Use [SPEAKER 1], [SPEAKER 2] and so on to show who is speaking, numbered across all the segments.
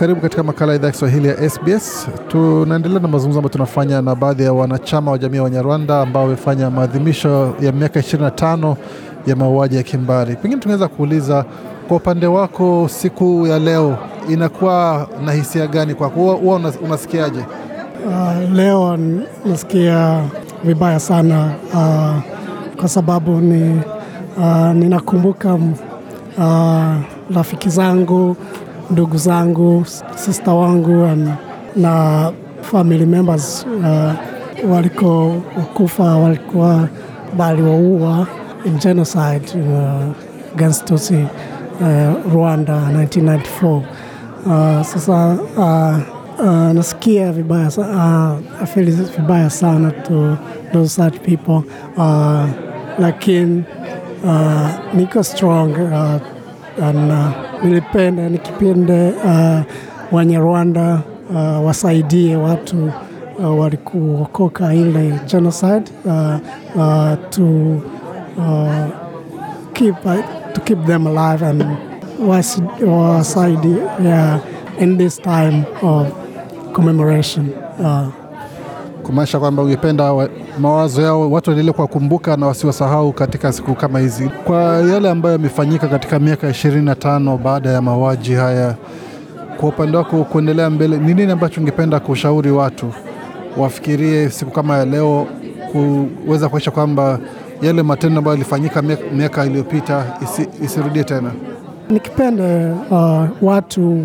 [SPEAKER 1] Karibu katika makala ya idhaa ya Kiswahili ya SBS. Tunaendelea na mazungumzo ambayo tunafanya na baadhi ya wanachama wa jamii ya Wanyarwanda ambao wamefanya maadhimisho ya miaka 25 ya mauaji ya kimbari. Pengine tunaweza kuuliza kwa upande wako, siku ya leo inakuwa na hisia gani kwako? Huwa unasikiaje?
[SPEAKER 2] Uh, leo nasikia vibaya sana uh, kwa sababu ni uh, ninakumbuka uh, rafiki zangu ndugu zangu, sister wangu and, na family members uh, kufa walikuwa waliwaua in genocide uh, against Tutsi uh, Rwanda 1994. Uh, sasa uh, Uh, nasikia vibaya uh, afili vibaya sana to those such people uh, lakini uh, niko strong uh, and uh, nilipenda ni kipindi uh, Wanyarwanda uh, wasaidie watu uh, walikuokoka ile genocide uh, uh, to uh, keep uh, to keep them alive and was wasaidie yeah, in this time of
[SPEAKER 1] commemoration uh, kumaanisha kwamba ungependa wa, mawazo yao watu waendelee kuwakumbuka na wasiwasahau katika siku kama hizi. Kwa yale ambayo yamefanyika katika miaka 25 baada ya mauaji haya, kwa upande wako kuendelea mbele, ni nini ambacho ungependa kushauri watu wafikirie siku kama ya leo kuweza kuisha kwamba yale matendo ambayo yalifanyika miaka iliyopita isi, isirudie tena?
[SPEAKER 2] Nikipenda uh, watu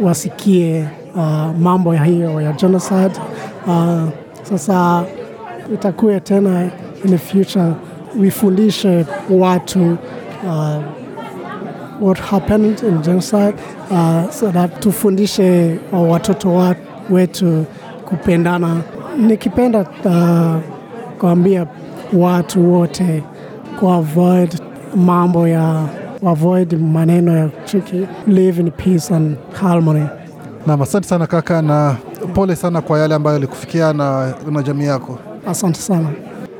[SPEAKER 2] wasikie uh, mambo ya hiyo ya genocide uh, sasa itakuwa tena in the future wifundishe watu uh, what happened in genocide uh, so that tufundishe watoto wetu kupendana. Nikipenda uh, kuambia watu wote kuavoid mambo ya avoid maneno ya chuki, live in peace and
[SPEAKER 1] harmony. Nam, asante sana kaka na pole sana kwa yale ambayo yalikufikia na, na jamii yako. Asante sana.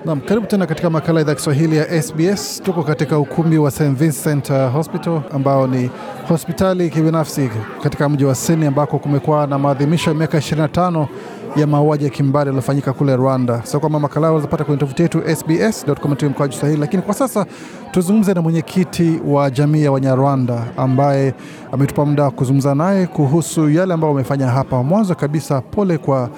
[SPEAKER 1] Naam, karibu tena katika makala idhaa Kiswahili ya SBS. Tuko katika ukumbi wa St Vincent uh, Hospital ambao ni hospitali kibinafsi katika mji wa Sydney ambako kumekuwa na maadhimisho ya miaka 25 ya mauaji ya kimbari yaliyofanyika kule Rwanda. So kwamba makala unazopata kwenye tovuti yetu sbs.com.au Swahili, lakini kwa sasa tuzungumze na mwenyekiti wa jamii ya Wanyarwanda ambaye ametupa muda wa kuzungumza naye kuhusu yale ambayo wamefanya hapa. Mwanzo kabisa, pole kwa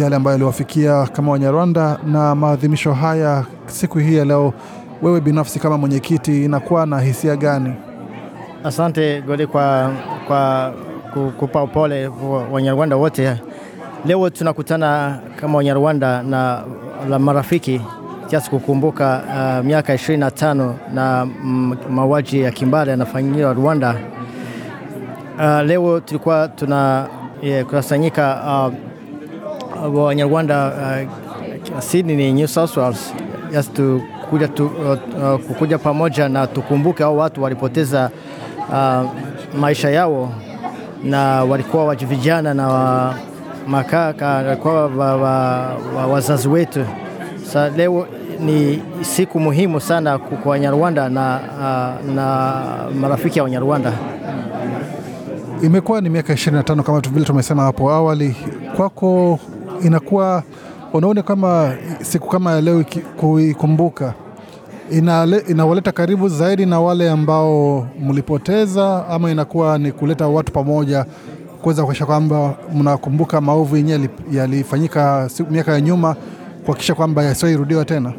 [SPEAKER 1] yale ambayo yaliwafikia kama Wanyarwanda na maadhimisho haya siku hii ya leo, wewe binafsi kama mwenyekiti, inakuwa na hisia gani?
[SPEAKER 3] Asante Gode kwa, kwa kupa upole Wanyarwanda wote. Leo tunakutana kama Wanyarwanda na la marafiki kiasi kukumbuka uh, miaka 25 na mm, mauaji ya kimbari yanafanyiwa Rwanda. Uh, leo tulikuwa tuna yeah, kusanyika uh, Wanyarwanda uh, Sydney, New South Wales yes, tu, kuja tu, uh, uh pamoja na tukumbuke hao watu walipoteza uh, maisha yao na walikuwa wajivijana na wa, makaka walikuwa wa, wa, wa, wazazi wetu. Sa leo ni siku muhimu sana kwa Wanyarwanda na, uh, na marafiki
[SPEAKER 1] ya Wanyarwanda. Imekuwa ni miaka 25 kama vile tumesema hapo awali. Kwako inakuwa unaona kama siku kama leo kuikumbuka inawaleta karibu zaidi na wale ambao mlipoteza, ama inakuwa ni kuleta watu pamoja kuweza kuakisha kwamba mnakumbuka maovu yenyewe yalifanyika miaka ya nyuma, kuakisha kwamba yasiyoirudiwa tena.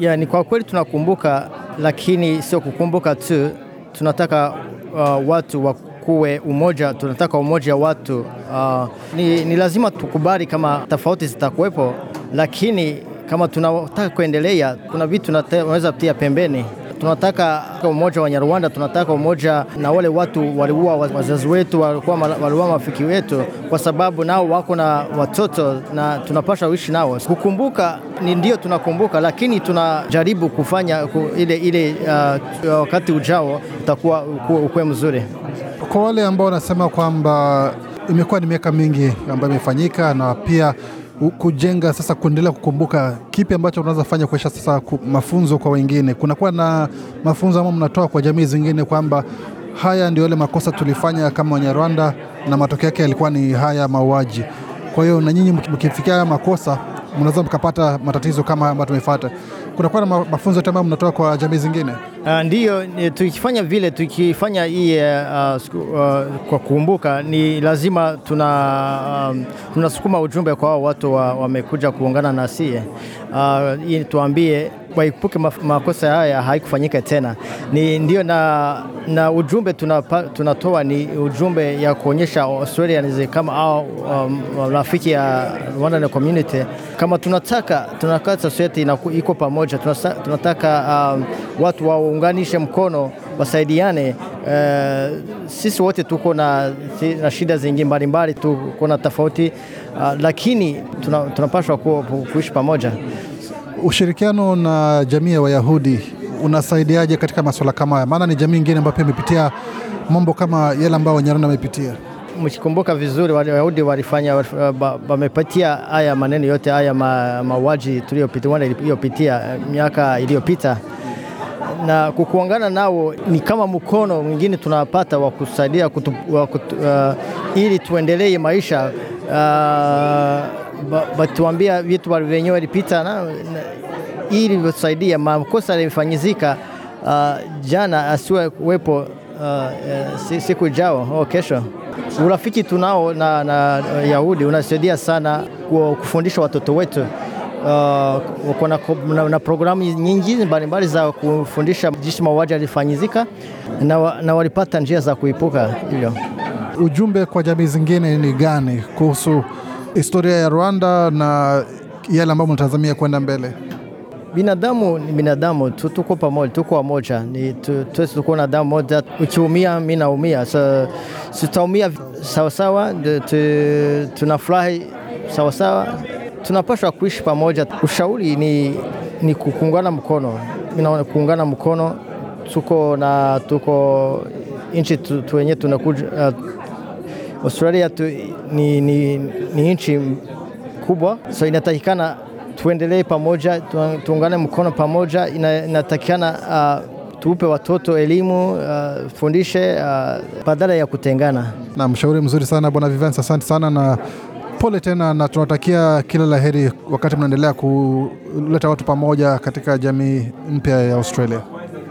[SPEAKER 3] Ya, ni kwa kweli tunakumbuka, lakini sio kukumbuka tu, tunataka uh, watu kuwe umoja, tunataka umoja watu. Uh, ni, ni lazima tukubali kama tofauti zitakuwepo, lakini kama tunataka kuendelea, kuna vitu tunaweza kutia pembeni. Tunataka umoja wa Nyarwanda, tunataka umoja na wale watu waliua wazazi wetu, walikuwa waliua mafiki wetu, kwa sababu nao wako na watoto na tunapasha uishi nao. Kukumbuka ni ndio tunakumbuka, lakini tunajaribu kufanya ile ile. Uh, wakati ujao utakuwa ukuwe mzuri.
[SPEAKER 1] Kwa wale ambao wanasema kwamba imekuwa ni miaka mingi ambayo imefanyika na pia kujenga sasa, kuendelea kukumbuka kipi ambacho unaweza fanya kuisha sasa mafunzo kwa wengine, kunakuwa na mafunzo ambayo mnatoa kwa jamii zingine kwamba haya ndio yale makosa tulifanya kama Wanyarwanda na matokeo yake yalikuwa ni haya mauaji. Kwa hiyo na nyinyi mkifikia haya makosa mnaweza mkapata matatizo kama ambayo tumefuata. Kunakuwa na mafunzo yote ambayo mnatoa kwa jamii zingine?
[SPEAKER 3] Uh, ndiyo tukifanya vile, tukifanya hii uh, uh, kwa kukumbuka, ni lazima tuna um, tunasukuma ujumbe kwa watu wamekuja wa kuungana na sie uh, ili tuambie waepuke makosa haya haikufanyika tena. Ni ndio na, na ujumbe tunapa, tunatoa ni ujumbe ya kuonyesha Australia kama au rafiki um, ya na community kama tunataka tunataka society iko pamoja, tunataka um, watu waunganishe mkono wasaidiane. Uh, sisi wote tuko na, na shida zingi mbalimbali, tuko na tofauti uh, lakini tunapaswa tuna kuishi pamoja
[SPEAKER 1] ushirikiano na jamii ya Wayahudi unasaidiaje katika masuala kama haya? Maana ni jamii ingine ambayo pia imepitia mambo kama yale ambayo Wanyarwanda wamepitia. Mkikumbuka vizuri,
[SPEAKER 3] Wayahudi walifanya uh, wamepitia haya maneno yote haya ma, mauaji tuliyopitia iliyopitia uh, miaka iliyopita, na kukuangana nao ni kama mkono mwingine tunapata wa kusaidia kutu, wa kutu, uh, ili tuendelee maisha uh, batuambia vitu wenyewe walipita na, na, ili makosa yalifanyizika uh, jana asiwe kuwepo uh, uh siku jao au oh, kesho. Urafiki tunao na, na uh, Yahudi unasaidia sana kufundisha watoto wetu uh, na, na, na programu nyingi mbalimbali za kufundisha jinsi mauaji yalifanyizika na, na walipata njia za kuipuka hivyo.
[SPEAKER 1] Ujumbe kwa jamii zingine ni gani kuhusu historia ya Rwanda na yale ambayo mnatazamia kwenda mbele? Binadamu ni binadamu, tuko pamoja, tuko wamoja, ni tuwezi tuko
[SPEAKER 3] na damu moja. Ukiumia mi naumia, tutaumia sawasawa, tunafurahi sawasawa, tunapashwa kuishi pamoja. Ushauri ni, ni kuungana mkono, minaona kuungana mkono, tuko na tuko nchi tu wenyewe tunakuja uh, Australia tu, ni, ni, ni nchi kubwa, so inatakikana tuendelee pamoja, tuungane mkono pamoja. Inatakikana uh, tuupe watoto elimu
[SPEAKER 1] uh, fundishe uh, badala ya kutengana. Na mshauri mzuri sana Bwana Vivens, asante sana na pole tena, na tunawatakia kila la heri wakati mnaendelea kuleta watu pamoja katika jamii mpya ya Australia.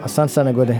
[SPEAKER 1] Asante sana Gode.